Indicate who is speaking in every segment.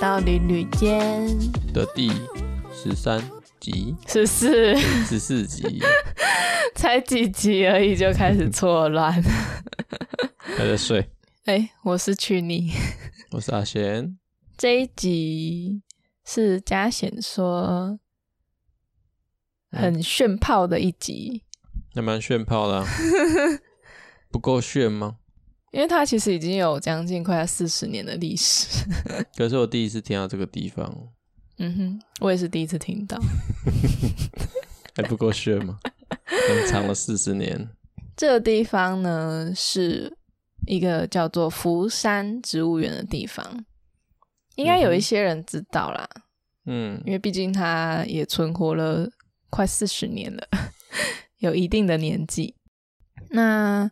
Speaker 1: 到鄰女間
Speaker 2: 的第十三集，十四十四集，
Speaker 1: 才幾集而已就開始錯亂了。。 還在睡。哎、欸，我是娶你，
Speaker 2: 我是阿賢。
Speaker 1: 這一集是嘉賢說很炫炮的一集，
Speaker 2: 那、嗯、蠻炫炮的、啊， 不夠炫嗎？
Speaker 1: 因為它其實已經有將近快要四十年的歷史。
Speaker 2: 可是我第一次聽到這個地方。嗯
Speaker 1: 哼，我也是第一次聽到。
Speaker 2: 還不夠炫嗎？藏 了四十年。
Speaker 1: 這個地方呢，是一個叫做福山植物園的地方，應該有一些人知道啦。嗯，因為畢竟它也存活了快四十年了，有一定的年紀。那。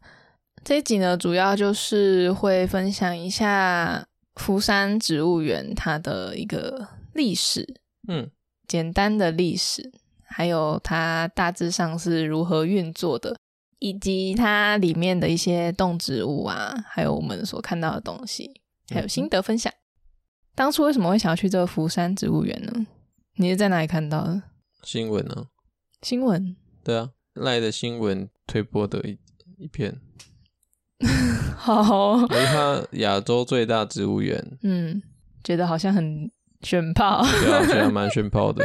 Speaker 1: 這一集呢，主要就是會分享一下福山植物園它的一個歷史，嗯，簡單的歷史，還有它大致上是如何運作的，以及它裡面的一些動植物啊，還有我們所看到的東西，還有心得分享。嗯、當初為什麼會想要去這個福山植物園呢？你是在哪裡看到的？
Speaker 2: 新聞呢、啊？
Speaker 1: 新聞。
Speaker 2: 對啊，LINE 的新聞推播的一一篇。
Speaker 1: 好，我
Speaker 2: 他亞洲最大植物園。
Speaker 1: 嗯，覺得好像很炫炮，覺得
Speaker 2: 蠻炫炮的。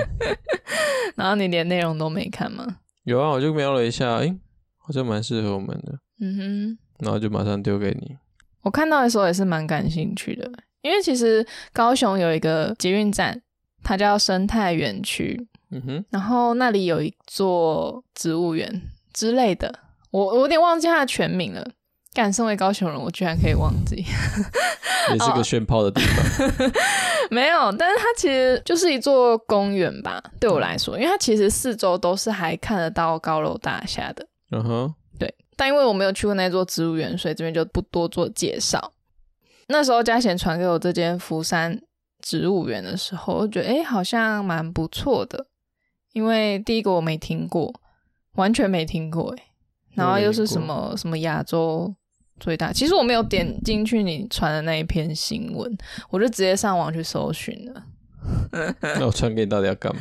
Speaker 1: 然後你連內容都沒看嗎？
Speaker 2: 有啊，我就瞄了一下，誒、欸，好像蠻適合我們的。
Speaker 1: 嗯
Speaker 2: 哼，然後就馬上丟給你。
Speaker 1: 我看到的時候也是蠻感興趣的，因為其實高雄有一個捷運站，它叫生態園區。嗯哼，然後那裡有一座植物園之類的，我我有點忘記它的全名了。敢身為高雄人，我居然可以忘記，
Speaker 2: 也是個炫炮的地方。Oh.
Speaker 1: 沒有，但是它其實就是一座公園吧？對我來說，因為它其實四周都是還看得到高樓大廈的。嗯哼，對。但因為我沒有去過那座植物園，所以這邊就不多做介紹。那時候嘉賢傳給我這間福山植物園的時候，我覺得誒、欸、好像蠻不錯的。因為第一個我沒聽過，完全沒聽過哎、欸。然後又是什麼什麼亞洲最大，其實我沒有點進去你傳的那一篇新聞，我就直接上網去搜尋
Speaker 2: 了。 那我傳給你到底要幹嘛？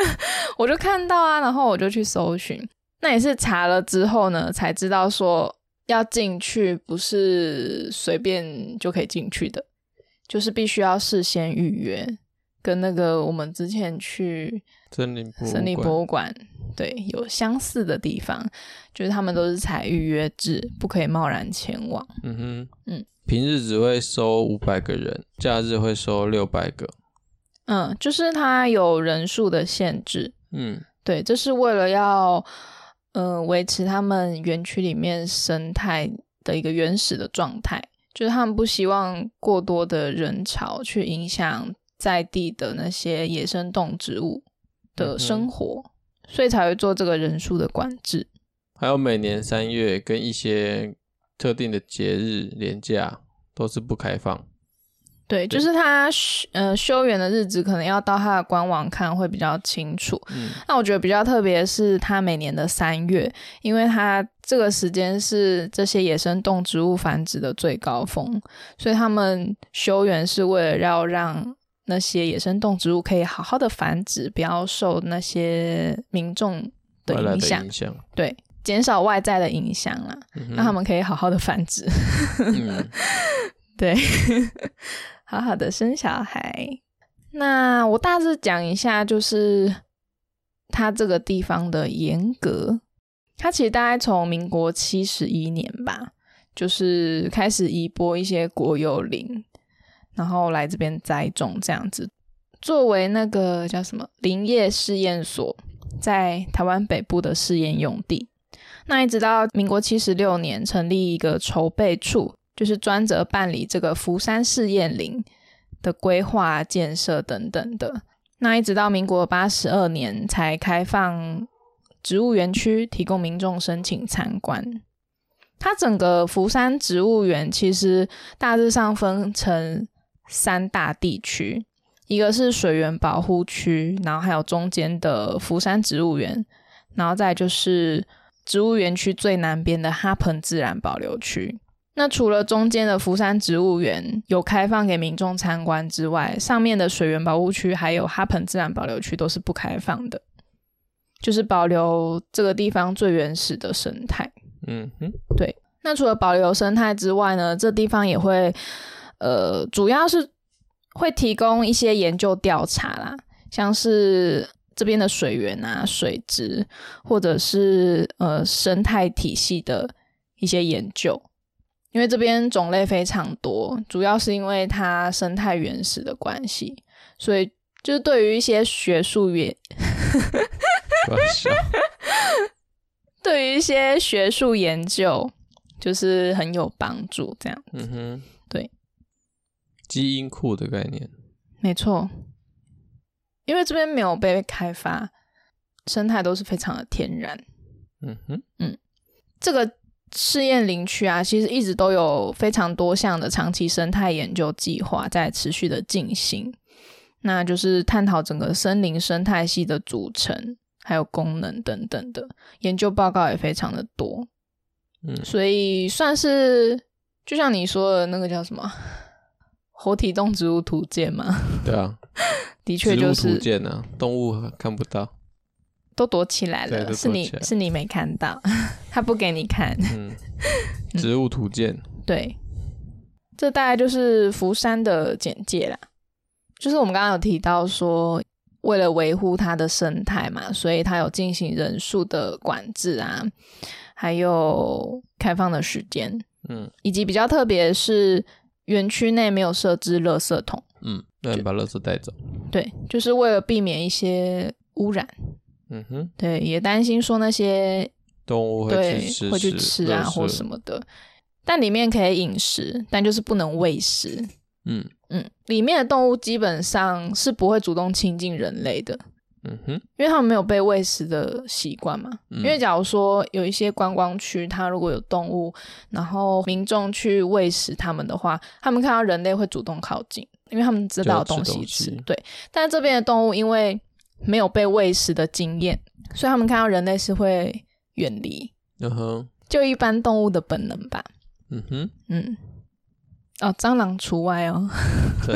Speaker 1: 我就看到啊，然後我就去搜尋。那也是查了之後呢，才知道說要進去不是隨便就可以進去的，就是必須要事先預約，跟那個我們之前去。森林博物館，森林博物館對，有相似的地方，就是他們都是採預約制，不可以貿然前往。
Speaker 2: 嗯哼，嗯，平日只會收五百個人，假日會收六百個。
Speaker 1: 嗯，就是他有人數的限制。
Speaker 2: 嗯，
Speaker 1: 對，這是為了要嗯、呃、維持他們園區裡面生態的一個原始的狀態，就是他們不希望過多的人潮去影響在地的那些野生動植物的生活，嗯，所以才會做這個人數的管制，
Speaker 2: 還有每年三月跟一些特定的節日連假都是不開放。
Speaker 1: 對，對，就是它，呃，休園的日子可能要到它的官網看會比較清楚。嗯，那我覺得比較特別是它每年的三月，因為它這個時間是這些野生動植物繁殖的最高峰，所以他們休園是為了要讓那些野生動植物可以好好的繁殖，不要受那些民眾的影響，對，減少外在的影響啦，讓、嗯、他們可以好好的繁殖， 嗯、對， 好好的生小孩。那我大致講一下，就是它這個地方的嚴格，它其實大概從民國七十一年吧，就是開始移撥一些國有林。然後來這邊栽種這樣子，作為那個叫什麼林業試驗所，在台灣北部的試驗用地。那一直到民國七十六年成立一個籌備處，就是專責辦理這個福山試驗林的規劃、建設等等的。那一直到民國八十二年才開放植物園區，提供民眾申請參觀。它整個福山植物園其實大致上分成。三大地區，一個是水源保護區，然後還有中間的福山植物園，然後再就是植物園區最南邊的哈盆自然保留區。那除了中間的福山植物園有開放給民眾參觀之外，上面的水源保護區還有哈盆自然保留區都是不開放的，就是保留這個地方最原始的生態。嗯哼，對。那除了保留生態之外呢，這地方也會。呃，主要是會提供一些研究調查啦，像是這邊的水源啊、水質，或者是呃生態體系的一些研究，因為這邊種類非常多，主要是因為它生態原始的關係，所以就是對於一些學術研， 對於一些學術研究就是很有幫助，這樣子，嗯哼，對。
Speaker 2: 基因庫的概
Speaker 1: 念，沒錯，因為這邊沒有被開發，生態都是非常的天然。嗯哼，嗯，這個試驗林區啊，其實一直都有非常多項的長期生態研究計劃在持續的進行，那就是探討整個森林生態系的組成，還有功能等等的研究報告也非常的多。嗯，所以算是就像你說的那個叫什麼？活體動植物圖鑑嗎？對啊， 的確就是圖
Speaker 2: 鑑啊，動物看不到，
Speaker 1: 都躲起來了，來了，是你是你沒看到， 他不給你看。嗯，
Speaker 2: 植物圖鑑，嗯，
Speaker 1: 對，這大概就是福山的簡介啦。就是我們剛剛有提到說，為了維護它的生態嘛，所以它有進行人數的管制啊，還有開放的時間，嗯，以及比較特別是。園區內沒有設置垃圾桶，
Speaker 2: 嗯，對。把垃圾帶走。
Speaker 1: 對，就是為了避免一些污染。嗯哼，對，也擔心說那些動物會對、會去吃啊或什麼的。但裡面可以飲食，但就是不能餵食。嗯嗯，裡面的動物基本上是不會主動親近人類的。嗯哼，因為他們沒有被餵食的習慣嘛、嗯。因為假如說有一些觀光區，它如果有動物，然後民眾去餵食它們的話，他們看到人類會主動靠近，因為他們知道東西吃。吃東西。對，但是這邊的動物因為沒有被餵食的經驗，所以他們看到人類是會遠離、嗯。就一般動物的本能吧。嗯哼，嗯，哦，蟑螂除外哦。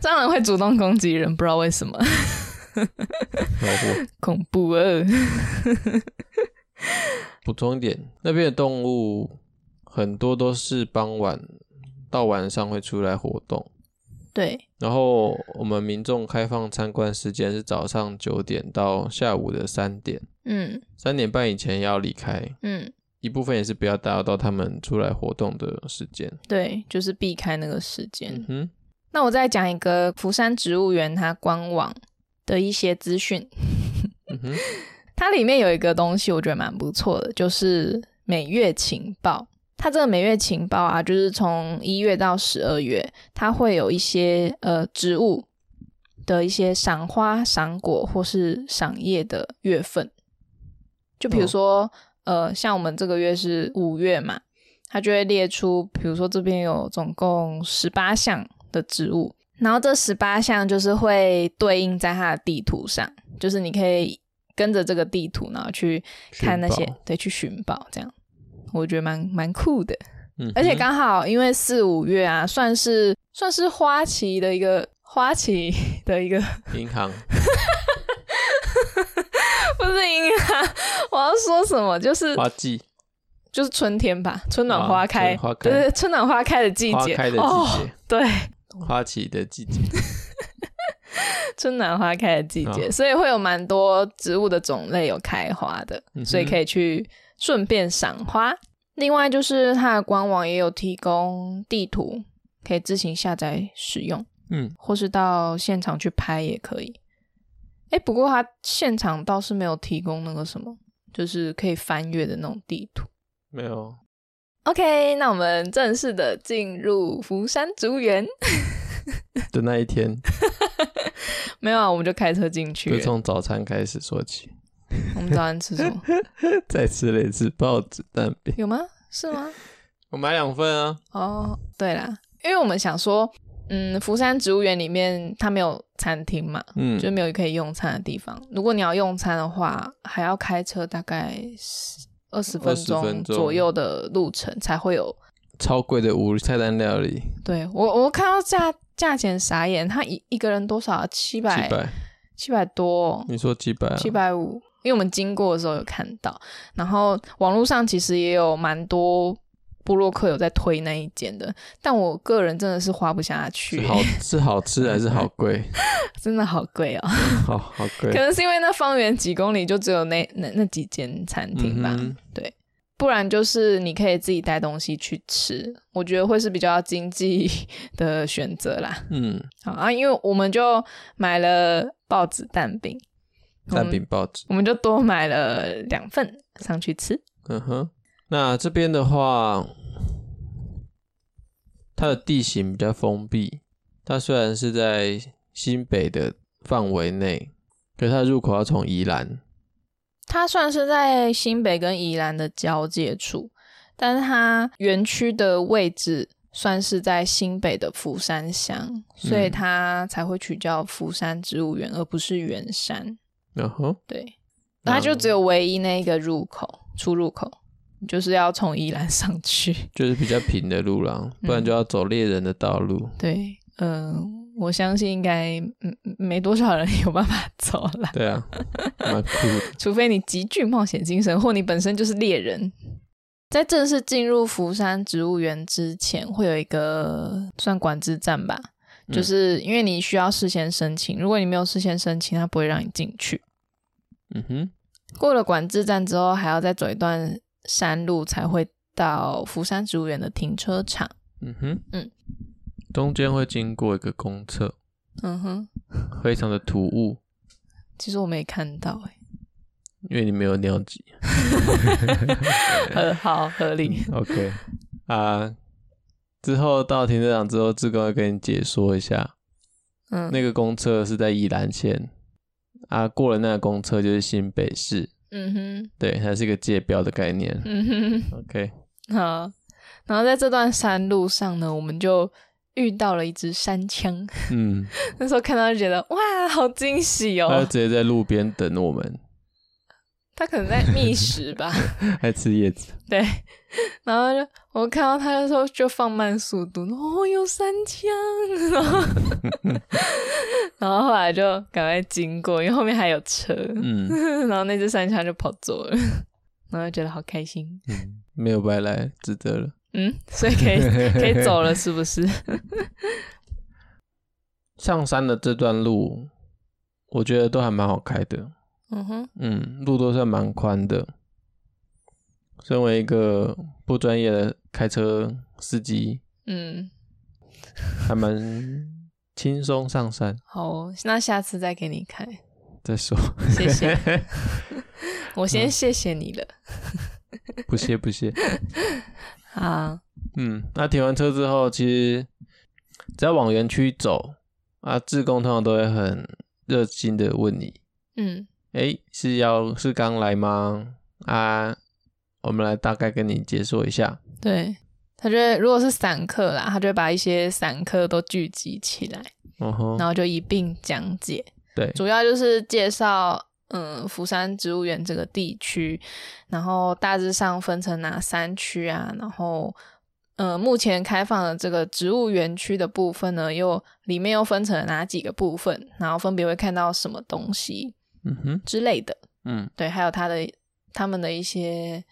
Speaker 1: 蟑螂會主動攻擊人，不知道為什麼。 恐怖，恐怖啊！
Speaker 2: 補充一點，那邊的動物很多都是傍晚到晚上會出來活動。對，然後我們民眾開放參觀時間是早上九點到下午的三點，嗯，三點半以前要離開，
Speaker 1: 嗯，
Speaker 2: 一部分也是不要打擾到他們出來活動的時間，
Speaker 1: 對，就是避開那個時間。嗯，那我再講一個福山植物園，它官網。的一些資訊， mm -hmm. 它裡面有一個東西，我覺得蠻不錯的，就是每月情報。它這個每月情報啊，就是從一月到十二月，它會有一些呃植物的一些賞花、賞果或是賞葉的月份。就比如說，oh. 呃，像我們這個月是五月嘛，它就會列出，比如說這邊有總共十八項的植物。然後這十八項就是會對應在它的地圖上，就是你可以跟着這個地圖，然後去看那些尋報對，去尋寶，這樣我覺得蠻蠻酷的，
Speaker 2: 嗯。而且剛
Speaker 1: 好因為四五月啊，算是算是花期的一個花期的一個銀行， 不是銀行，我要說什麼就是花季，就是春天吧，春暖花開，啊、花開，對對，春暖花開的季節，花開的季節，oh, 啊、對。
Speaker 2: 花期的季節，
Speaker 1: 春暖花開的季節，所以會有蠻多植物的種類有開花的，嗯、所以可以去順便賞花。另外，就是它的官網也有提供地圖，可以自行下載使用，嗯，或是到現場去拍也可以。誒、欸，不過它現場倒是沒有提供那個什麼，就是可以翻閱的那種地圖，
Speaker 2: 沒有。
Speaker 1: OK，那我們正式的進入福山植物園
Speaker 2: 的 那一天，
Speaker 1: 沒有啊？我們就開車進去，就從
Speaker 2: 早餐開始說起。
Speaker 1: 我們早餐吃什麼？
Speaker 2: 再吃了一次包子蛋餅，
Speaker 1: 有嗎？是嗎？
Speaker 2: 我買兩份啊。哦、
Speaker 1: oh，對啦，因為我們想說，嗯，福山植物園裡面它沒有餐廳嘛，嗯，就沒有可以用餐的地方。如果你要用餐的話，還要開車，大概是二十分鐘左右的路程才會有
Speaker 2: 超貴的無菜單料理。
Speaker 1: 對我，我看到價價錢傻眼，他一一個人多少？700, 七百七百多。
Speaker 2: 你說幾百？啊？七百
Speaker 1: 五？因為我們經過的時候有看到，然後網絡上其實也有蠻多。部落客有在推那一間的，但我個人真的是花不下去。是好
Speaker 2: 是好吃還是好貴？
Speaker 1: 真的好貴哦，嗯、
Speaker 2: 好貴。可能
Speaker 1: 是因為那方圓幾公里就只有那那那幾間餐廳吧、嗯。對，不然就是你可以自己帶東西去吃，我覺得會是比較經濟的選擇啦。嗯，好啊，因為我們就買了報紙蛋餅，蛋餅報紙，我們就多買了兩份上去吃。嗯
Speaker 2: 哼。那這邊的話，它的地形比較封閉。它雖然是在新北的範圍內，可是它的入口要從宜蘭。
Speaker 1: 它算是在新北跟宜蘭的交界處，但是它園區的位置算是在新北的福山鄉，所以它才會取叫福山植物園，而不是圓山。
Speaker 2: 嗯哼，
Speaker 1: 對、嗯，它就只有唯一那一個入口，出入口。就是要從宜蘭上去，
Speaker 2: 就是比較平的路了，不然就要走獵人的道路。嗯、
Speaker 1: 對，嗯、呃，我相信應該沒，沒多少人有辦法走了。對啊，除非你極具冒險精神，或你本身就是獵人。在正式進入福山植物園之前，會有一個算管制站吧，就是因為你需要事先申請，如果你沒有事先申請，他不會讓你進去。
Speaker 2: 嗯哼，
Speaker 1: 過了管制站之後，還要再走一段。山路才會到福山植物園的停車場。嗯哼，嗯，
Speaker 2: 中間會經過一個公廁。嗯
Speaker 1: 哼，
Speaker 2: 非常的突兀。
Speaker 1: 其實我沒看到誒、欸，
Speaker 2: 因為你沒有尿急。很 好，
Speaker 1: 好，合理。嗯、OK，
Speaker 2: 啊，之後到停車場之後，志哥會跟你解說一下。嗯，那個公廁是在宜蘭縣，啊，過了那個公廁就是新北市。嗯哼，對，它是一個界標的概念。嗯哼
Speaker 1: ，OK。好，然後在這段山路上呢，我們就遇到了一隻山羌。嗯， 那時候看到就覺得哇，好驚喜哦！然後
Speaker 2: 直接在路邊等我們，
Speaker 1: 他可能在覓食吧，
Speaker 2: 愛吃葉子。
Speaker 1: 對。然後就我看到他的時候，就放慢速度。哦，有山羌，然後， 然後後來就趕快經過，因為後面還有車。嗯，然後那隻山羌就跑走了，然後覺得好開心。嗯，
Speaker 2: 沒有白來，值得了。
Speaker 1: 嗯，所以可以可以走了，是不是？
Speaker 2: 上山的這段路，我覺得都還蠻好開的。嗯哼，嗯，路都是蠻寬的。身為一個不專業的開車司機，
Speaker 1: 嗯，
Speaker 2: 還蠻輕鬆上山。
Speaker 1: 好，那下次再給你開，
Speaker 2: 再說。謝謝，
Speaker 1: 我先謝謝你了。嗯、不謝不謝。好，嗯，
Speaker 2: 那停完車之後，其實只要往園區走啊，志工通常都會很熱心的問你，嗯，誒、欸、是要是剛來嗎？啊。我們來大概跟你解說一下。
Speaker 1: 對，他覺得，如果是散客啦，他就把一些散客都聚集起來，哦、然後就一併講解。對，主要就是介紹，嗯、呃，福山植物園這個地區，然後大致上分成哪三區啊？然後，嗯、呃，目前開放的這個植物園區的部分呢，又裡面又分成哪幾個部分？然後分別會看到什麼東西，嗯哼之類的。嗯，對，還有他的他們的一些。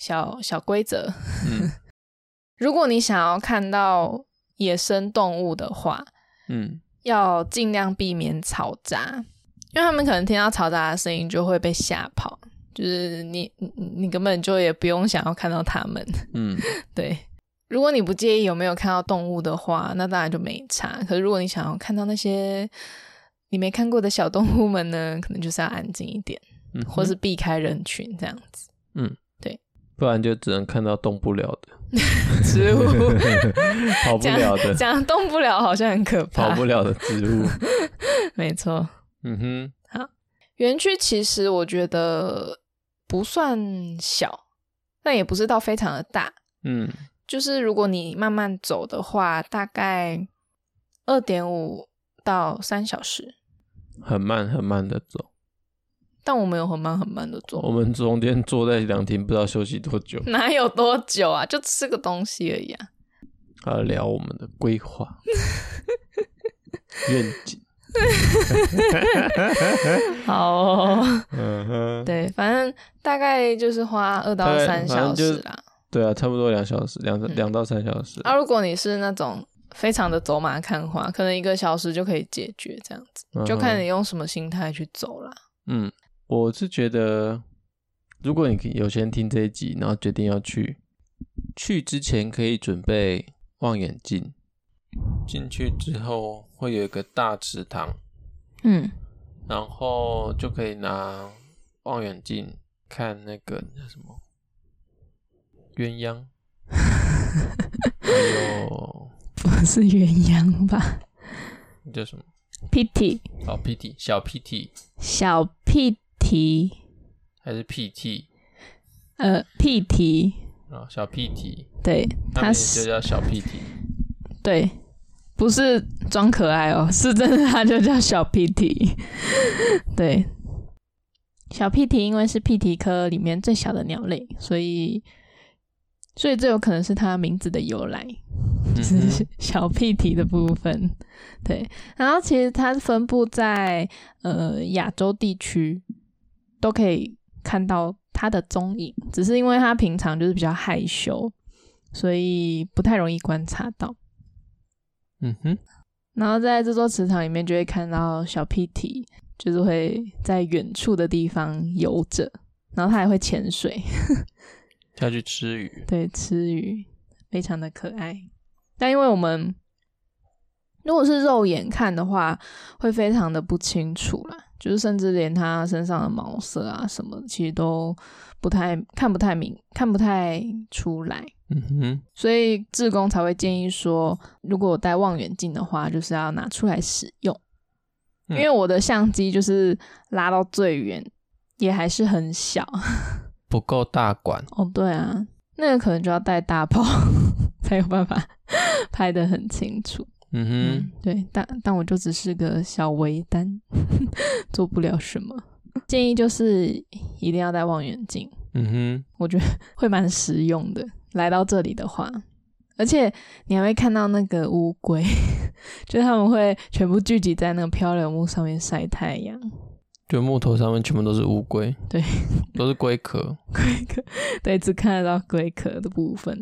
Speaker 1: 小小規則，嗯、 如果你想要看到野生動物的話，
Speaker 2: 嗯，
Speaker 1: 要盡量避免嘈雜，因為他們可能聽到嘈雜的聲音就會被嚇跑。就是你你根本就也不用想要看到他們，嗯， 對。如果你不介意有沒有看到動物的話，那當然就沒差。可是如果你想要看到那些你沒看過的小動物們呢，可能就是要安靜一點，嗯，或是避開人群這樣子，嗯。
Speaker 2: 不然就只能看到動不了的
Speaker 1: 植物， 跑不了的講動不了好像很可怕，跑不
Speaker 2: 了的植物，
Speaker 1: 沒錯，
Speaker 2: 嗯哼，好，
Speaker 1: 園區其實我覺得不算小，但也不是到非常的大，嗯，就是如果你慢慢走的話，大概二點五到三小時，
Speaker 2: 很慢很慢的走。
Speaker 1: 但我們有很慢很慢的走。我
Speaker 2: 們中間坐在涼亭，不知道休息多久。
Speaker 1: 哪有多久啊？就吃個東西而已啊。
Speaker 2: 啊，聊我們的規劃願景。
Speaker 1: 好、哦，嗯哼，對，反正大概就是花二到三小時啦。
Speaker 2: 對啊，差不多兩小時，兩兩到三小時、嗯。啊，
Speaker 1: 如果你是那種非常的走馬看花，可能一個小時就可以解決，這樣子就看你用什麼心態去走啦。嗯。嗯
Speaker 2: 我是覺得，如果你有先聽這一集，然後決定要去，去之前可以準備望遠鏡。進去之後會有一個大池塘，嗯，然後就可以拿望遠鏡看那個那叫什麼鴛鴦，
Speaker 1: 還有不是鴛鴦吧？你叫什麼？PT
Speaker 2: 好、oh，PT 小 PT
Speaker 1: 小 P。T 還是 PT？呃，PT
Speaker 2: 啊、哦，小 PT，對，它就叫小 PT，
Speaker 1: 對，不是裝可愛哦、喔，是真的，他就叫小 PT， 對，小 PT 因為是 PT 科裡面最小的鳥類，所以，所以最有可能是它名字的由來，嗯、就
Speaker 2: 是
Speaker 1: 小 PT 的部分，對，然後其實它分布在呃亞洲地區。都可以看到它的蹤影，只是因為它平常就是比較害羞，所以不太容易觀察到。嗯
Speaker 2: 哼，
Speaker 1: 然後在這座池塘裡面，就會看到小鸊鷉，就是會在遠處的地方游着，然後它還會潛水
Speaker 2: 下 去吃魚。對，
Speaker 1: 吃魚非常的可愛，但因為我們如果是肉眼看的話，會非常的不清楚啦。就是甚至連它身上的毛色啊什麼的，其實都不太看不太明，看不太出來。嗯
Speaker 2: 哼，哼，
Speaker 1: 所以志工才會建議說，如果我帶望遠鏡的話，就是要拿出來使用。嗯，因為我的相機就是拉到最遠，也還是很小，
Speaker 2: 不夠大管。
Speaker 1: 哦、oh，對啊，那個可能就要帶大炮 才有辦法 拍得很清楚。嗯哼，對，但但我就只是個小微單呵呵，做不了什麼。建議就是一定要戴望遠鏡。嗯哼，我覺得會蠻實用的。來到這裡的話，而且你還會看到那個烏龜，就他們會全部聚集在那個漂流木上面曬太陽。
Speaker 2: 就木頭上面全部都是烏龜，對，都是龜殼，龜
Speaker 1: 殼，對，只看得到龜殼的部分。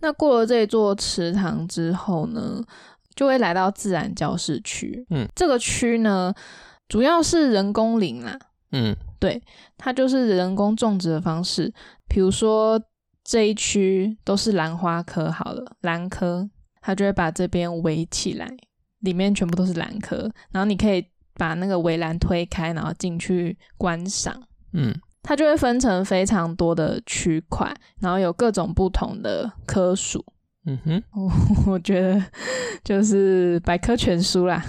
Speaker 1: 那過了這座池塘之後呢？就會來到自然教室區。嗯，這個區呢，主要是人工林啦。嗯，對，它就是人工種植的方式。比如說這一區都是蘭花科，好了，蘭科，它就會把這邊圍起來，裡面全部都是蘭科。然後你可以把那個圍欄推開，然後進去觀賞。嗯，它就會分成非常多的區塊，然後有各種不同的科屬。嗯哼，我 我覺得就是百科全書啦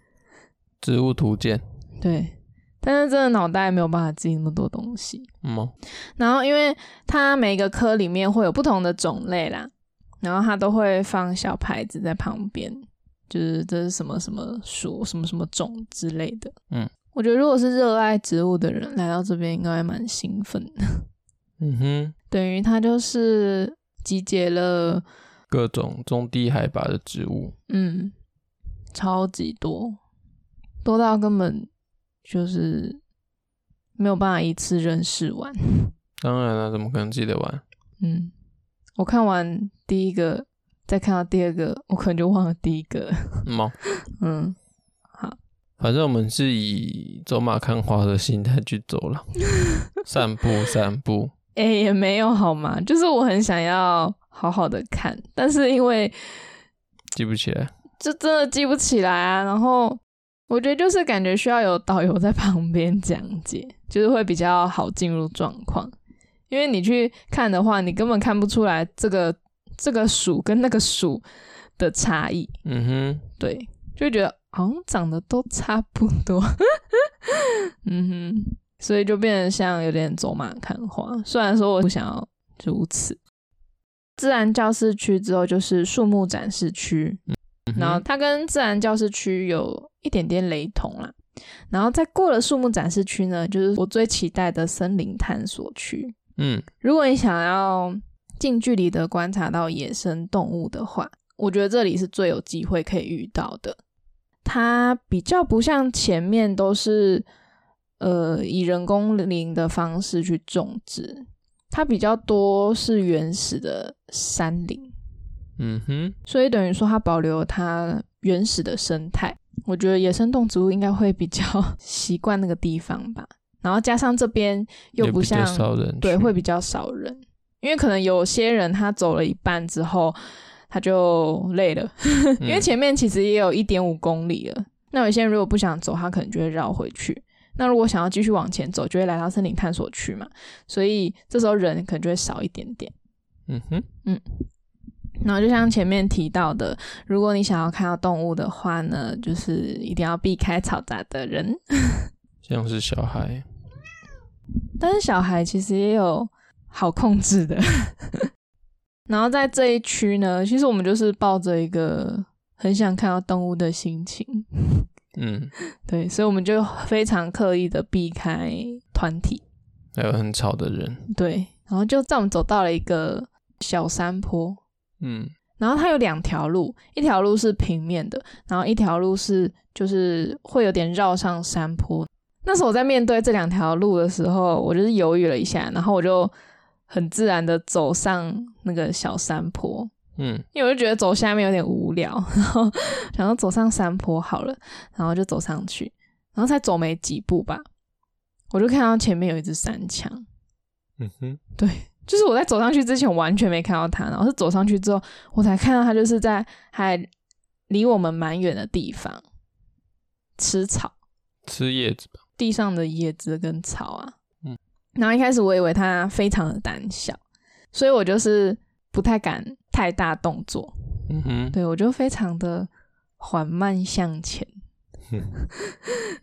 Speaker 1: ，
Speaker 2: 植物圖鑑。
Speaker 1: 對，但是真的腦袋沒有辦法記那麼多東西。嗯、哦。然後，因為它每個科裡面會有不同的種類啦，然後它都會放小牌子在旁邊，就是這是什麼什麼屬、什麼什麼種之類的。嗯，我覺得如果是熱愛植物的人來到這邊，應該還蠻興奮的。 嗯哼，等於它就是。集結了
Speaker 2: 各種中低海拔的植物，
Speaker 1: 嗯，超級多，多到根本就是沒有辦法一次認識完。
Speaker 2: 當然了、啊，怎麼可能記得完？
Speaker 1: 嗯，我看完第一個，再看到第二個，我可能就忘了第一個。嗯，哦、 嗯，
Speaker 2: 好，反正我們是以走馬看花的心態去走了， 散步，散步。
Speaker 1: 哎、欸，也沒有好嗎？就是我很想要好好的看，但是因為
Speaker 2: 記不起來，
Speaker 1: 就真的記不起來啊。然後我覺得就是感覺需要有導遊在旁邊講解，就是會比較好進入狀況。因為你去看的話，你根本看不出來這個這個屬跟那個屬的差異。嗯哼，對，就覺得好像長得都差不多。 嗯哼。所以就變成像有點走馬看花，雖然說我不想要如此。自然教室區之後就是樹木展示區，嗯，然後它跟自然教室區有一點點雷同啦。然後再過了樹木展示區呢，就是我最期待的森林探索區。嗯，如果你想要近距離的觀察到野生動物的話，我覺得這裡是最有機會可以遇到的。它比較不像前面都是。呃，以人工林的方式去種植，它比較多是原始的山林，嗯哼，所以等於說它保留它原始的生態。我覺得野生動植物應該會比較習慣那個地方吧。然後加上這邊又不像比較少人，對，會比較少人，因為可能有些人他走了一半之後他就累了、 嗯，因為前面其實也有一點五公里了。那有些人如果不想走，他可能就會繞回去。那如果想要繼續往前走，就會來到森林探索區嘛，所以這時候人可能就會少一點點。嗯哼，嗯。然後就像前面提到的，如果你想要看到動物的話呢，就是一定要避開嘈雜的人，
Speaker 2: 像是小孩。
Speaker 1: 但是小孩其實也有好控制的。 然後在這一區呢，其實我們就是抱着一個很想看到動物的心情。嗯，對，所以我們就非常刻意的避開團體，
Speaker 2: 還有很吵的人。
Speaker 1: 對，然後就在我們走到了一個小山坡，嗯，然後它有兩條路，一條路是平面的，然後一條路是就是會有點繞上山坡。那時候我在面對這兩條路的時候，我就是猶豫了一下，然後我就很自然的走上那個小山坡。嗯，因為我就覺得走下面有點無聊，然後想要走上山坡好了，然後就走上去，然後才走沒幾步吧，我就看到前面有一隻山羌。嗯
Speaker 2: 哼，對，
Speaker 1: 就是我在走上去之前完全沒看到它，然後是走上去之後，我才看到它，就是在還離我們蠻遠的地方吃草、
Speaker 2: 吃葉子吧，
Speaker 1: 地上的葉子跟草啊。嗯，然後一開始我以為它非常的膽小，所以我就是不太敢太大動作，嗯哼，對，我就非常的緩慢向前，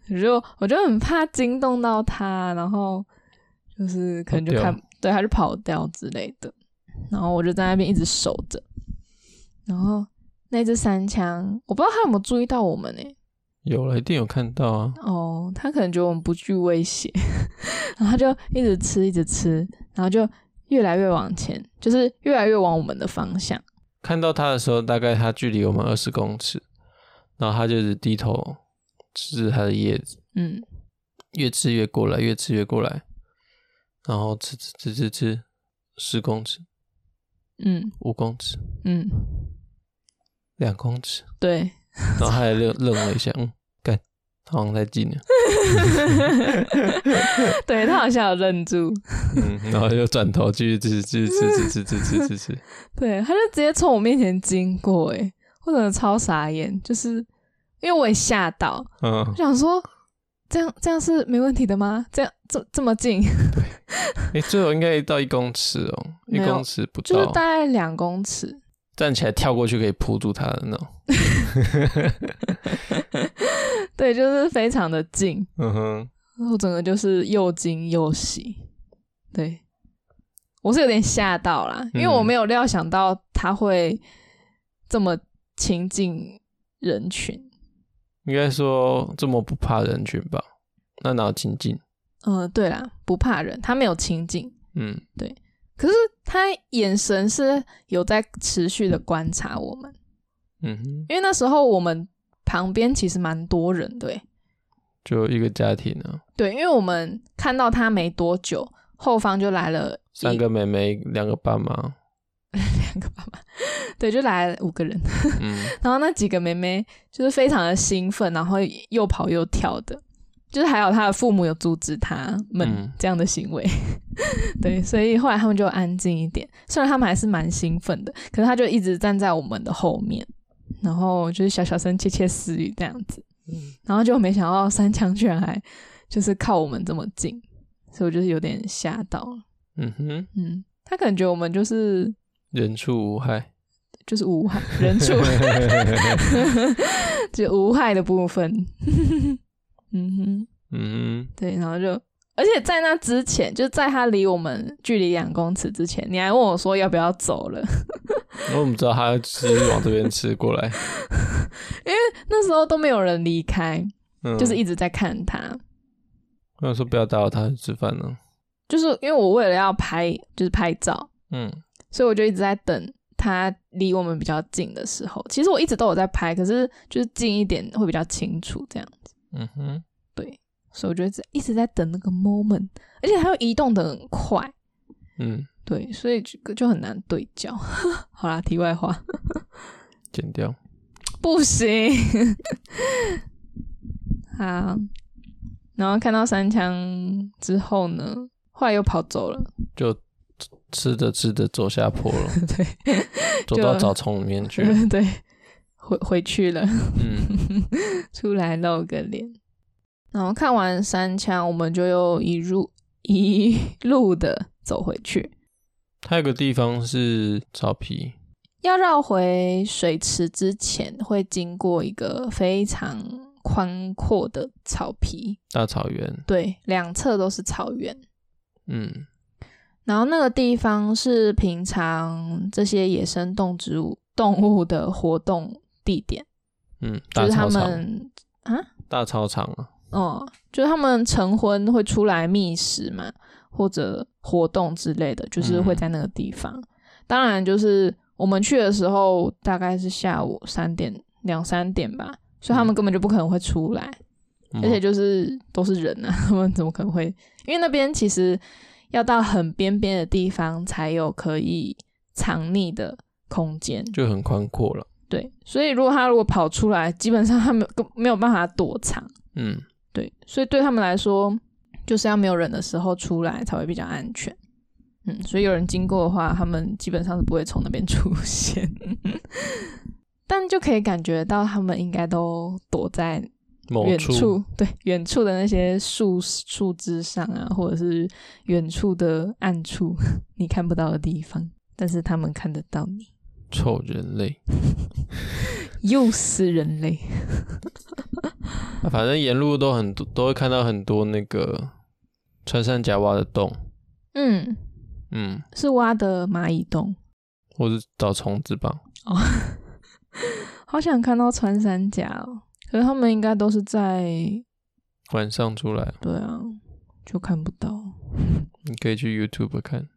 Speaker 1: 我 就我就很怕驚動到它，然後就是可能就看對它就跑掉之類的，然後我就在那邊一直守着，然後那隻山羌，我不知道它有沒有注意到我們誒、欸，
Speaker 2: 有了，一定有看到啊，
Speaker 1: 哦，它可能覺得我們不具威脅， 然後他就一直吃，一直吃，然後就。越來越往前，就是越來越往我們的方向。
Speaker 2: 看到它的時候，大概它距離我們二十公尺，然後它就是低頭吃它的葉子。嗯，越吃越過來，越吃越過來，然後吃吃吃吃吃，十公尺，
Speaker 1: 嗯，五公尺，嗯，
Speaker 2: 兩公尺，
Speaker 1: 對。然
Speaker 2: 後他也愣愣了一下， 嗯，幹，他好像在近了。
Speaker 1: 對，他好像有愣住。
Speaker 2: 嗯、然後又轉頭繼續吃，繼續，續吃，吃、嗯、吃吃吃吃吃
Speaker 1: 對，他就直接從我面前經過，哎，我整個超傻眼，就是因為我也嚇到，嗯，想說這樣這樣是沒問題的嗎？這樣這麼這麼近？
Speaker 2: 你、欸、最後應該到一公尺哦、喔，一 公尺不到，就是、大
Speaker 1: 概兩公尺，
Speaker 2: 站起來跳過去可以撲住他的那種。
Speaker 1: 對，就是非常的近，嗯
Speaker 2: 哼，
Speaker 1: 然後整個就是又驚又喜。對，我是有點嚇到啦，因為我沒有料想到他會這麼親近人群，
Speaker 2: 應該說這麼不怕人群吧？那哪有親近？
Speaker 1: 呃，對啦，不怕人，他沒有親近。嗯，對。可是他眼神是有在持續的觀察我們。嗯哼，因為那時候我們旁邊其實蠻多人，對，
Speaker 2: 就一個家庭啊。
Speaker 1: 對，因為我們看到他沒多久。後方就來了三
Speaker 2: 個妹妹，兩個爸媽， 兩
Speaker 1: 個爸媽， 對，就來了五個人、 嗯。然後那幾個妹妹就是非常的興奮，然後又跑又跳的，就是還有她的父母有阻止他們這樣的行為。嗯、 對，所以後來他們就安靜一點，雖然他們還是蠻興奮的，可是他就一直站在我們的後面，然後就是小小聲竊竊私語這樣子。嗯、然後就沒想到山羌居然還就是靠我們這麼近。所以我就是有點嚇到了。嗯哼，嗯，他可能覺得我們就是
Speaker 2: 人畜無害，
Speaker 1: 就是無害人畜， 就無害的部分。 嗯哼，嗯嗯，對。然後就，而且在那之前，就在他離我們距離兩公尺之前，你還問我說要不要走了。
Speaker 2: 因為我們知道他要吃往這邊吃過來，
Speaker 1: 因為那時候都沒有人離開，嗯，就是一直在看他。
Speaker 2: 我說不要打擾他吃飯呢，
Speaker 1: 就是因為我為了要拍，就是拍照，嗯，所以我就一直在等他離我們比較近的時候。其實我一直都有在拍，可是就是近一點會比較清楚這樣子。嗯哼，對，所以我覺得一直在等那個 moment，而且他又移動得很快，嗯，對，所以這個就很難對焦。 好啦，題外話，
Speaker 2: 剪掉
Speaker 1: 不行， 好。然後看到山羌之後呢，後來又跑走了，
Speaker 2: 就吃着吃着走下坡了。 對，
Speaker 1: 走到草叢裡面去了，對，對，對，回回去了，嗯， 出來露個臉，然後看完山羌，我們就又一路一路的走回去。
Speaker 2: 還有個地方是草皮，
Speaker 1: 要繞回水池之前，會經過一個非常。寬闊的草皮，大草原，對，兩側都是草原，嗯，然後那個地方是平常這些野生動植物、動物的活動地點，嗯，大
Speaker 2: 草草就是他們啊，大操場啊，
Speaker 1: 哦，就是他們晨昏會出來覓食嘛，或者活動之類的，就是會在那個地方。嗯、當然，就是我們去的時候大概是下午三點、兩三點吧。所以他們根本就不可能會出來，嗯、而且就是都是人啊、嗯，他們怎麼可能會？因為那邊其實要到很邊邊的地方才有可以藏匿的空間，
Speaker 2: 就很寬闊了。
Speaker 1: 對，所以如果他如果跑出來，基本上他們沒有辦法躲藏。嗯，對，所以對他們來說，就是要沒有人的時候出來才會比較安全。嗯，所以有人經過的話，他們基本上是不會從那邊出現。 但就可以感覺到他們應該都躲在遠處某處，對，遠處的那些樹樹枝上啊，或者是遠處的暗處，你看不到的地方，但是他們看得到你。
Speaker 2: 臭人類，
Speaker 1: 又死人類 、
Speaker 2: 啊。反正沿路都很多，都會看到很多那個穿山甲挖的洞。嗯嗯，
Speaker 1: 是挖的螞蟻洞，
Speaker 2: 或是找蟲子吧？哦。
Speaker 1: 好想看到穿山甲，可是他們應該都是在
Speaker 2: 晚上出來，
Speaker 1: 對啊，就看不到。
Speaker 2: 你可以去 YouTube 看，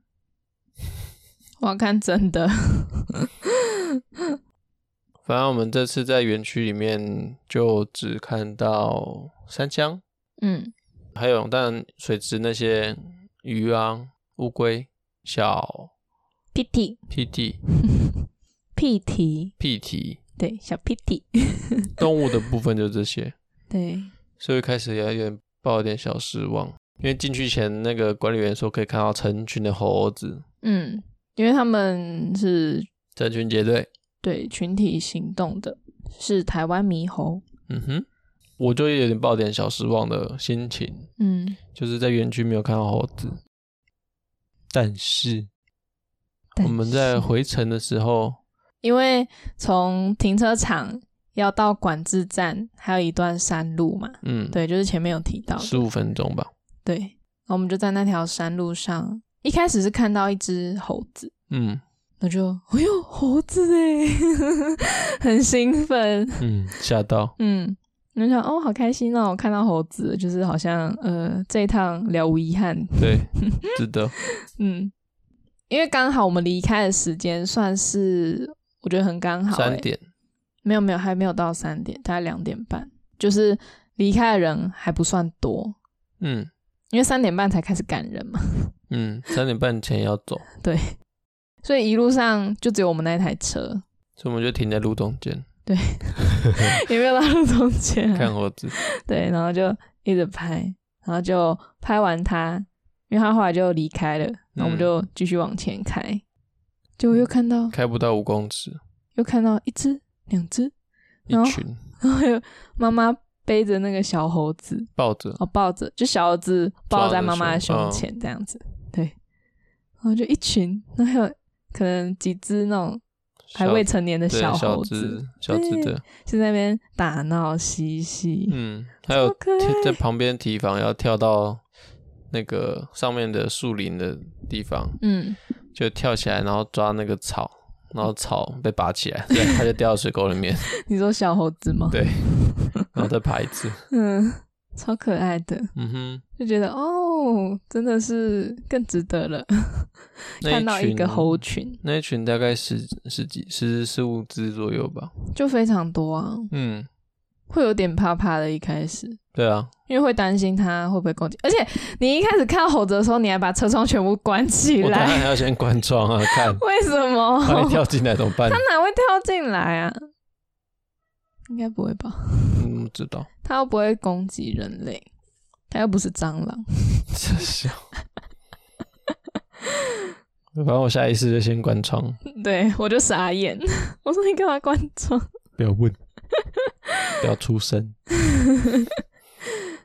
Speaker 1: 我要看真的。 反
Speaker 2: 正我們這次在園區裡面就只看到山羌，嗯，還有當然水池那些魚啊、烏龜、小
Speaker 1: 屁屁屁蹄，屁蹄，對，小屁蹄。 動
Speaker 2: 物的部分就這些，對。所以開始也有點抱一點小失望，因為進去前那個管理員說可以看到成群的猴子。
Speaker 1: 嗯，因為他們是
Speaker 2: 成群結隊，
Speaker 1: 對，群體行動的，是台灣獼猴。
Speaker 2: 嗯哼，我就有點抱有點小失望的心情。嗯，就是在園區沒有看到猴子，但是，但是我們在回程的時候。
Speaker 1: 因為從停車場要到管制站還有一段山路嘛，嗯，對，就是前面有提到十
Speaker 2: 五分鐘吧，
Speaker 1: 對，我們就在那條山路上，一開始是看到一隻猴子，嗯，我就哎呦猴子誒，很興奮，
Speaker 2: 嗯，嚇到，
Speaker 1: 嗯，我就想哦好開心哦，我看到猴子，就是好像呃這一趟了無遺憾的，對， 值得，嗯，因為剛好我們離開的時間算是。我覺得很剛好欸。三點，沒有沒有，還沒有到三點，大概兩點半，就是離開的人還不算多。嗯，因為三點半才開始趕人嘛。嗯，
Speaker 2: 三點半前要走。
Speaker 1: 對，所以一路上就只有我們那一台車，
Speaker 2: 所以我們就停在路中間。對，
Speaker 1: 也沒有到路中間。 看猴子。對，然後就一直拍，然後就拍完他，因為他後來就離開了，那我們就繼續往前開。嗯就我又看到、嗯、
Speaker 2: 開不到五公尺，
Speaker 1: 又看到一隻、兩隻、一群，然後還有媽媽背着那個小猴子，抱着，哦，抱着，就小猴子抱在媽媽的胸前這樣子、嗯，對，然後就一群，然後還有可能幾隻那種還未成年的小猴子，小猴子的，就在那邊打鬧嬉戲，嗯，
Speaker 2: 還有在旁邊提防要跳到那個上面的樹林的地方，嗯。就跳起來，然後抓那個草，然後草被拔起來，對，他就掉到水溝裡面。
Speaker 1: 你說小猴子嗎？
Speaker 2: 對，然後再爬一次。
Speaker 1: 嗯，超可愛的。嗯哼，就覺得哦，真的是更值得了。 看到一個猴群，
Speaker 2: 那一群大概十十幾、十十五隻左右吧，
Speaker 1: 就非常多啊。嗯，會有點怕怕的，一開始。對啊，因為會擔心它會不會攻擊，而且你一開始看到猴子的時候，你還把車窗全部關起來，我當
Speaker 2: 然要先關窗啊，看
Speaker 1: 為什麼他會跳進來怎麼辦？它哪會跳進來啊？應該不會吧？嗯，
Speaker 2: 知道
Speaker 1: 它又不會攻擊人類，它又不是蟑螂， 真小笑。
Speaker 2: 反正我下意識就先關窗，
Speaker 1: 對我就傻眼，我說你幹嘛關窗？
Speaker 2: 不要問，不要出聲。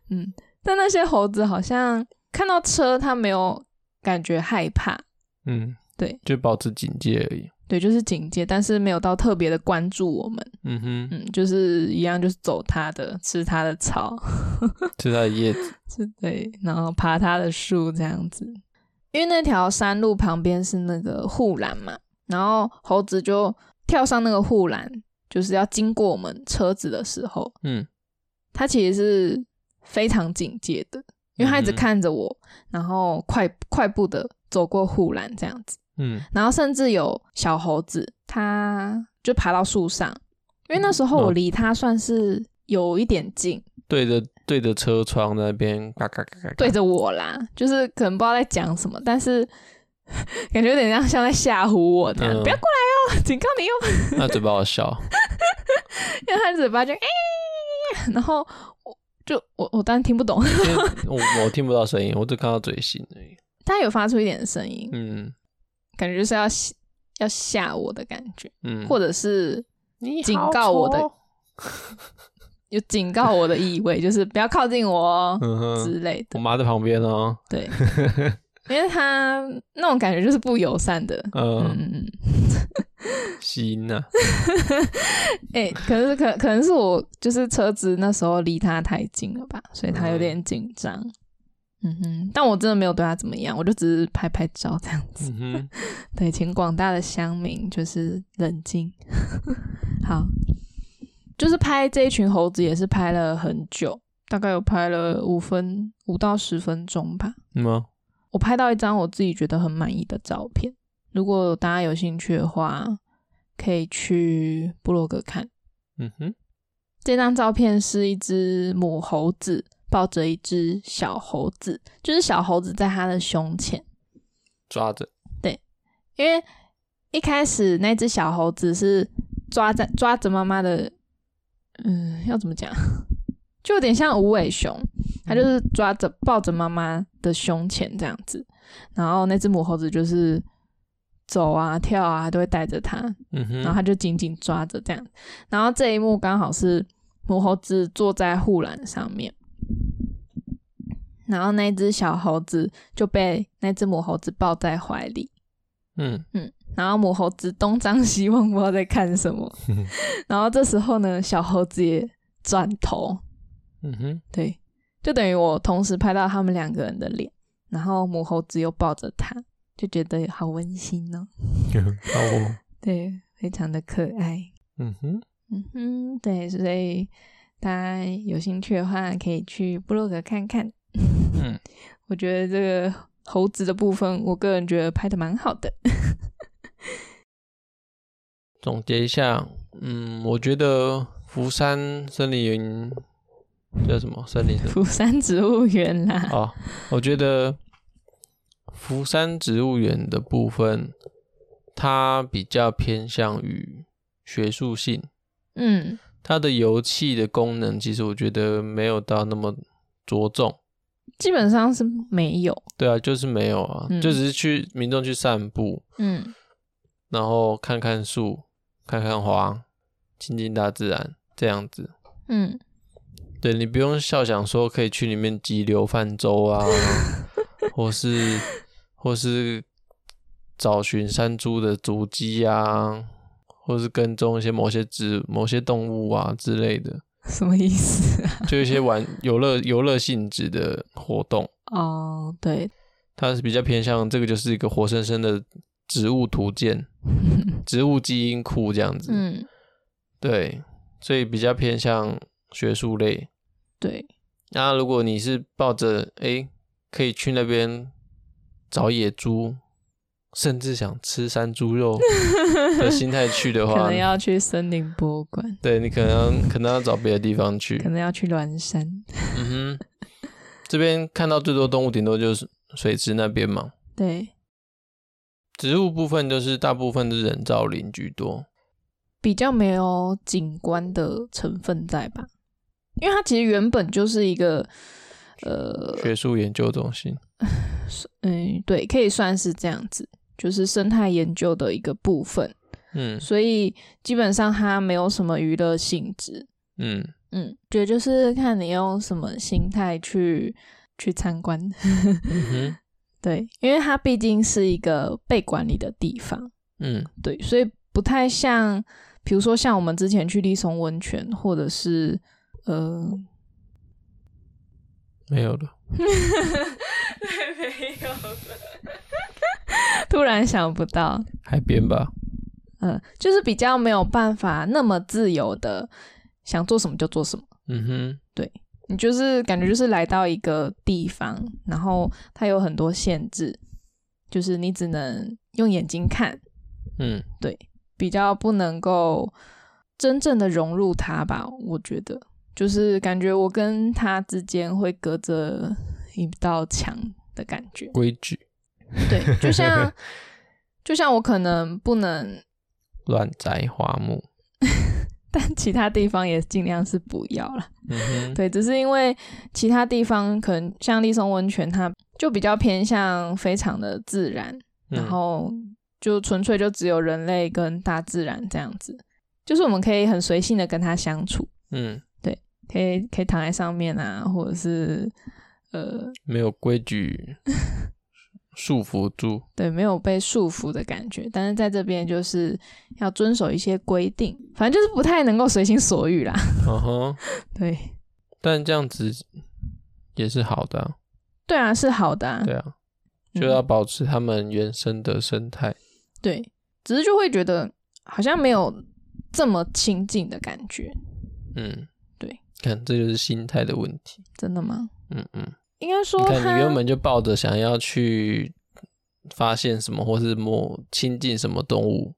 Speaker 1: 嗯，但那些猴子好像看到車，它沒有感覺害怕。嗯，對，
Speaker 2: 就保持警戒而已。
Speaker 1: 對，就是警戒，但是沒有到特別的關注我們。
Speaker 2: 嗯哼，嗯，
Speaker 1: 就是一樣，就是走它的，吃它的草，
Speaker 2: 吃它的葉
Speaker 1: 子，對，然後爬它的樹這樣子。因為那條山路旁邊是那個護欄嘛，然後猴子就跳上那個護欄，就是要經過我們車子的時候，嗯，它其實是。非常警戒的，因為他一直看着我、嗯，然後快快步的走過護欄這樣子，嗯，然後甚至有小猴子，它就爬到樹上，因為那時候我離它算是有一點近，嗯、
Speaker 2: 對着對着車窗那邊嘎嘎嘎嘎，
Speaker 1: 對着我啦，就是可能不知道在講什麼，但是感覺有點像像在嚇唬我這樣、嗯，不要過來哦，警告你哦，
Speaker 2: 那嘴巴好笑，
Speaker 1: 因為他嘴巴就欸，然後。就我，我當然聽不懂。
Speaker 2: 我我聽不到聲音， 我只看到嘴型而已。
Speaker 1: 他有發出一點聲音，嗯，感覺就是要要嚇我的感覺，嗯，或者是警告我的，有、哦、警告我的意味， 就是不要靠近我、嗯、哼之類
Speaker 2: 的。我媽在旁邊哦，對。
Speaker 1: 因為他那種感覺就是不友善的，
Speaker 2: 呃、嗯，心 行啊。
Speaker 1: 哎、 欸，可是可可能是我就是車子那時候離他太近了吧，所以他有點緊張、嗯，嗯哼，但我真的沒有對他怎麼樣，我就只是拍拍照這樣子，嗯、哼 對，請廣大的鄉民就是冷靜， 好，就是拍這一群猴子也是拍了很久，大概有拍了五分五到十分鐘吧，嗯、哦。我拍到一張我自己覺得很滿意的照片，如果大家有興趣的話，可以去部落格看。嗯哼，這張照片是一隻母猴子抱着一隻小猴子，就是小猴子在它的胸前
Speaker 2: 抓着。
Speaker 1: 對，因為一開始那隻小猴子是抓在抓着媽媽的，嗯，要怎麼講？就有點像無尾熊，它就是抓着抱着媽媽的胸前這樣子，然後那隻母猴子就是走啊跳啊，都會帶着它，
Speaker 2: 然後它就
Speaker 1: 緊緊抓着這樣，然後這一幕剛好是母猴子坐在護欄上面，然後那隻小猴子就被那隻母猴子抱在懷裡，嗯嗯，然後母猴子東張西望，不知道在看什麼，呵呵 然後這時候呢，小猴子也轉頭。嗯哼，對，就等於我同時拍到他們兩個人的臉，然後母猴子又抱着他，就覺得好溫馨呢、
Speaker 2: 哦。有、 哦、
Speaker 1: 對，非常的可愛。嗯哼，嗯哼，對，所以大家有興趣的話，可以去部落格看看。 嗯，我覺得這個猴子的部分，我個人覺得拍的蠻好的。
Speaker 2: 總結一下，嗯，我覺得福山森林。叫什麼？森林福
Speaker 1: 山植物園啦、啊。
Speaker 2: 哦，我覺得福山植物園的部分，它比較偏向於學術性。嗯，它的遊憩的功能，其實我覺得沒有到那麼着重。
Speaker 1: 基本上是沒有。
Speaker 2: 對啊，就是沒有啊，嗯、就只是去民眾去散步，嗯，然後看看樹，看看花，親近大自然這樣子。嗯。對，你不用笑，想說可以去裡面急流泛舟啊， 或是或是找尋山豬的足迹啊，或是跟蹤一些某些植、某些動物啊之類的，什麼意思啊？就一些玩遊樂、遊樂性質的活動
Speaker 1: 哦。Oh, 對，
Speaker 2: 它是比較偏向這個，就是一個活生生的植物圖鑑、 植物基因庫這樣子、嗯。對，所以比較偏向。學術類，對。那如果你是抱着“哎、欸，可以去那邊找野豬，甚至想吃山豬肉”的心態去的話， 可能要
Speaker 1: 去森林博物館。
Speaker 2: 對，你可能可能要找別的地方去，
Speaker 1: 可能要去亂山。嗯
Speaker 2: 哼，這邊看到最多動物，頂多就是水池那邊嘛。對，植物部分就是大部分是人造林居多，
Speaker 1: 比較沒有景觀的成分在吧？因為它其實原本就是一個
Speaker 2: 呃學術研究中心，嗯，
Speaker 1: 對，可以算是這樣子，就是生態研究的一個部分，嗯，所以基本上它沒有什麼娛樂性質，嗯嗯，覺得就是看你用什麼心態去去參觀，嗯、 對，因為它畢竟是一個被管理的地方，嗯，對，所以不太像，比如說像我們之前去栗松溫泉或者是。嗯、呃，沒有了，
Speaker 2: 對，沒有
Speaker 1: 了。 突然想不到海邊吧？嗯、呃，就是比較沒有辦法那麼自由的，想做什麼就做什麼。嗯哼，對，你就是感覺就是來到一個地方，然後它有很多限制，就是你只能用眼睛看。嗯，對，比較不能夠真正的融入它吧，我覺得。就是感覺我跟他之間會隔着一道牆的感覺。規矩，對，就像 就像我可能不能
Speaker 2: 亂摘花木，
Speaker 1: 但其他地方也盡量是不要了、嗯。對，只是因為其他地方可能像栗松溫泉，它就比較偏向非常的自然，嗯、然後就純粹就只有人類跟大自然這樣子，就是我們可以很隨性的跟他相處。嗯。可以可以躺在上面啊，或者是呃，
Speaker 2: 沒有規矩束縛住，
Speaker 1: 對，沒有被束縛的感覺。但是在這邊就是要遵守一些規定，反正就是不太能夠隨心所欲啦。嗯哼，對，
Speaker 2: 但這樣子也是好的啊。
Speaker 1: 對啊，是好的啊。對啊，
Speaker 2: 就要保持他們原生的生態。嗯。
Speaker 1: 對，只是就會覺得好像沒有這麼親近的感覺。嗯。
Speaker 2: 看，這就是心態的問題，
Speaker 1: 真的嗎？嗯嗯，應該說，你看你原
Speaker 2: 本就抱着想要去發現什麼，或是摸親近什麼動物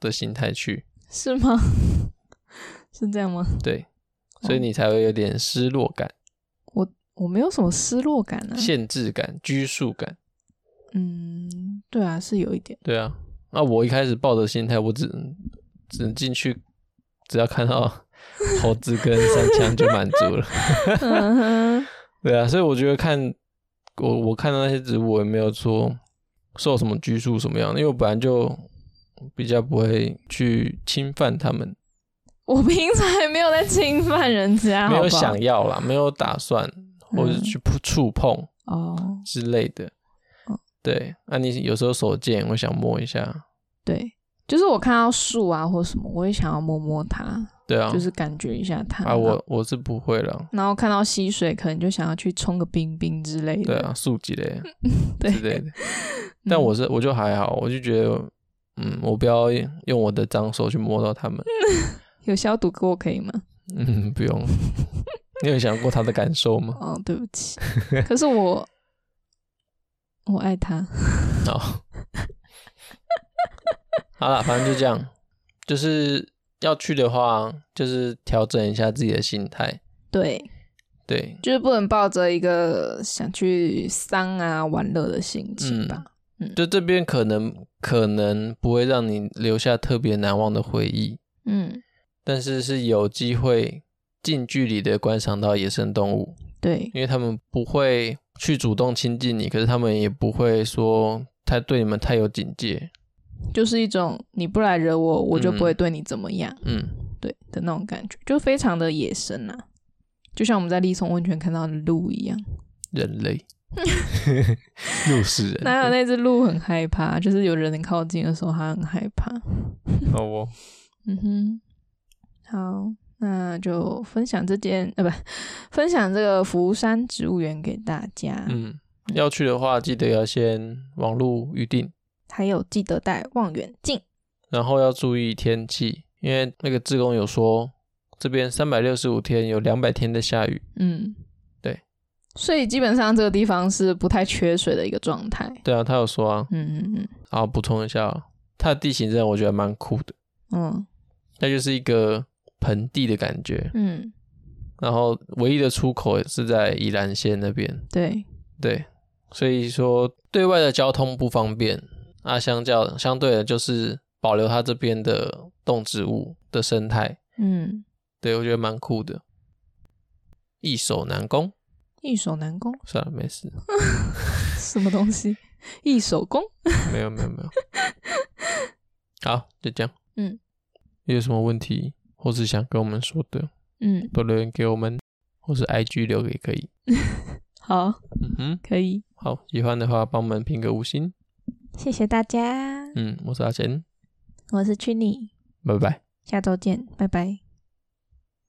Speaker 2: 的心態去，
Speaker 1: 是嗎？ 是這樣嗎？對，
Speaker 2: 所以你才會有點失落感。哦、
Speaker 1: 我我沒有什麼失落感啊。
Speaker 2: 限制感、拘束感。
Speaker 1: 嗯，對啊，是有一點。
Speaker 2: 對啊，那我一開始抱着心態，我只能只能進去，只要看到。猴子跟山羌就滿足了 對啊，所以我覺得看我我看到那些植物，我也沒有說受什麼拘束什麼樣的，因為我本來就比較不會去侵犯他們。
Speaker 1: 我平常也沒有在侵犯人家好好，沒有想
Speaker 2: 要啦，沒有打算或者去觸碰之類的。嗯哦、對，那、啊、你有時候手賤，我想摸一下。
Speaker 1: 對。就是我看到樹啊或什麼，我也想要摸摸它。對啊，就是感覺一下它。啊，我
Speaker 2: 我是不會了。
Speaker 1: 然後看到溪水，可能就想要去衝個冰冰之類的。對
Speaker 2: 啊，樹之類的， 對之類的。但我是 我就還好，我就覺得，嗯，我不要用我的髒手去摸到它們。
Speaker 1: 有消毒過可以嗎？ 嗯，
Speaker 2: 不用。 你有想過他的感受嗎？
Speaker 1: 哦，對不起。可是我， 我愛他。
Speaker 2: 好。好了，反正就這樣，就是要去的話，就是調整一下自己的心態。對，對，
Speaker 1: 就是不能抱着一個想去散啊玩樂的心情吧。
Speaker 2: 嗯，就這邊可能可能不會讓你留下特別難忘的回憶。嗯，但是是有機會近距離的觀賞到野生動物。對，因為他們不會去主動親近你，可是他們也不會說太對你們太有警戒。
Speaker 1: 就是一種你不來惹我、嗯，我就不會對你怎麼樣。嗯，對的那種感覺，就非常的野生啊，就像我們在麗松溫泉看到的鹿一樣。
Speaker 2: 人類又是 死人， 還
Speaker 1: 有那只鹿很害怕，嗯、就是有人能靠近的時候，它很害怕。 哦，哦， 嗯哼，好，那就分享這間呃，啊、不，分享這個福山植物園給大家嗯。嗯，
Speaker 2: 要去的話，記得要先網絡預定。
Speaker 1: 還有記得帶望遠鏡，
Speaker 2: 然後要注意天氣，因為那個志工有說，這邊三百六十五天有兩百天的下雨。嗯，對，
Speaker 1: 所以基本上這個地方是不太缺水的一個狀態。
Speaker 2: 對啊，他有說啊。嗯嗯嗯。好，補充一下啊，它的地形真的我覺得蠻酷的。嗯，那就是一個盆地的感覺。嗯，然後唯一的出口是在宜蘭縣那邊。對對，所以說對外的交通不方便。那、啊、相較相對的，就是保留它這邊的動植物的生態，嗯，對我覺得蠻酷的，易守難攻，
Speaker 1: 易守難攻，
Speaker 2: 算了，沒事，
Speaker 1: 什麼東西，易守攻？
Speaker 2: 沒有沒有沒有，好，就這樣，
Speaker 1: 嗯，
Speaker 2: 你有什麼問題或是想跟我們說的，嗯，多留言給我們，或是 IG 留給也可以，
Speaker 1: 好，嗯哼，可以，
Speaker 2: 好，喜歡的話幫我們評個五星。
Speaker 1: 謝謝大家。
Speaker 2: 嗯，我是阿賢，
Speaker 1: 我是去你。拜拜，下週見，拜拜。